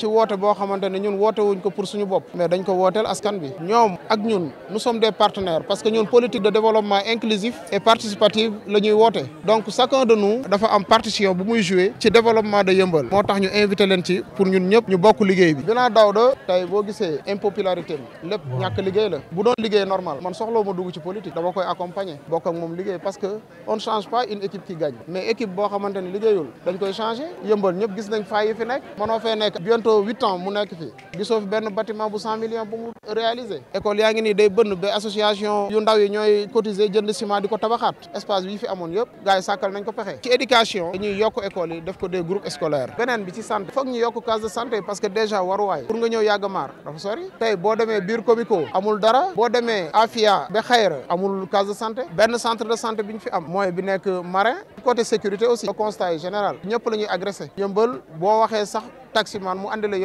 ci wote bo xamante ñun wote wuñ ko pour suñu bop mais dañ ko wotel askan bi ñom ak ñun nous sommes des partenaires parce que ñun politique de développement inclusif et participatif lañuy ñuy donc chacun de nous dafa am partition bu muy jouer ci développement de Yeumbeul motax ñu invité len ci pour ñun ñëpp ñu bokk liggéey bi daw Daouda tay bo gisé impopularité lepp ñak ñàkk liggéey la bu doon liggéey normal man soxlo ma dugg ci politique dama koy accompagner bokk ak mom liggéey parce que on ne change pas une équipe qui gagne mais équipe bo xamante ne liggéeyul dañ koy changer Yeumbeul ñëpp gis nañ faay yi fi nekk mënoo fee nekk bientôt bientôt ans mu nek fi bi sof ben bâtiment bu 100 millions bu mu réalisé école yaa ngi nii day bënn be association yu ndaw yi ñoy cotiser jënd ciment diko tabaxat espace bi fi amone yëpp gaay sakal nañ ko pexé ci éducation dañuy yokk école yi def ko des groupes scolaires benen bi ci santé fokk ñu yokk case de santé parce que déjà waruwaay pour nga ñëw yàgg mar dafa sori tay bo démé biir comico amul dara bo démé afia be xeyra amul case de santé benn centre de santé biñ fi am moy bi nek marin côté sécurité aussi le constat est général ñëpp lañuy ñuy agressé yëmbal boo waxee sax taximan mu andi la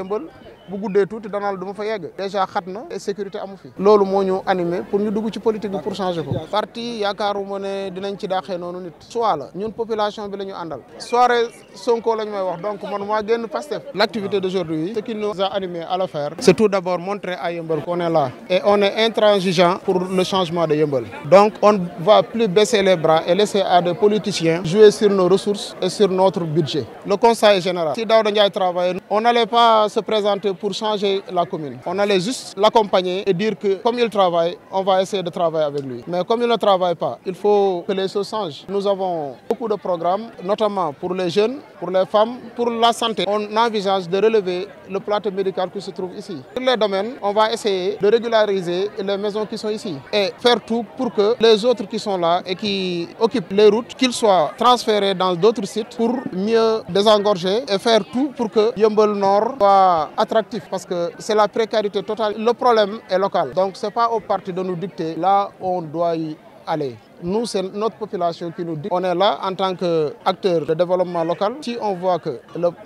bu tout, dans le domaine de fa déjà Khatna et sécurité amu fi loolu moo animé pour ñu dugg ci politique pour changer ko parti yaakaaruma ne dinañ ci daaxee noonu nit soit la ñun population bi la Andal. soirée Sonko collègue may wax donc man maa génn l'activité d'aujourd'hui ce qui nous a animé à le faire c'est tout d'abord montrer à Yumbel qu'on est là et on est intransigeant pour le changement de Yumbel. donc on ne va plus baisser les bras et laisser à des politiciens jouer sur nos ressources et sur notre budget le conseil général si Daouda Ndiaye on n'allait pas se présenter pour changer la commune. On allait juste l'accompagner et dire que comme il travaille, on va essayer de travailler avec lui. Mais comme il ne travaille pas, il faut que les choses changent. Nous avons beaucoup de programmes, notamment pour les jeunes, pour les femmes, pour la santé. On envisage de relever le plateau médical qui se trouve ici. Sur les domaines, on va essayer de régulariser les maisons qui sont ici et faire tout pour que les autres qui sont là et qui occupent les routes, qu'ils soient transférés dans d'autres sites pour mieux désengorger et faire tout pour que Yambol Nord soit attractif parce que c'est la précarité totale. Le problème est local. Donc ce n'est pas au parti de nous dicter là on doit y aller. Nous, c'est notre population qui nous dit. On est là en tant qu'acteur de développement local. Si on voit que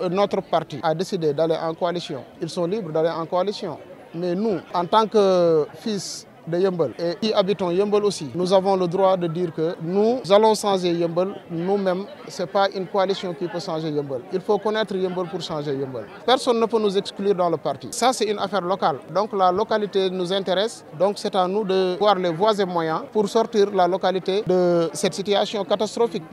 notre parti a décidé d'aller en coalition, ils sont libres d'aller en coalition. Mais nous, en tant que fils de et qui habitons Yembol aussi, nous avons le droit de dire que nous allons changer Yembol nous-mêmes. Ce n'est pas une coalition qui peut changer Yembol. Il faut connaître Yembol pour changer Yembol. Personne ne peut nous exclure dans le parti. Ça, c'est une affaire locale. Donc la localité nous intéresse. Donc c'est à nous de voir les voies et moyens pour sortir la localité de cette situation catastrophique.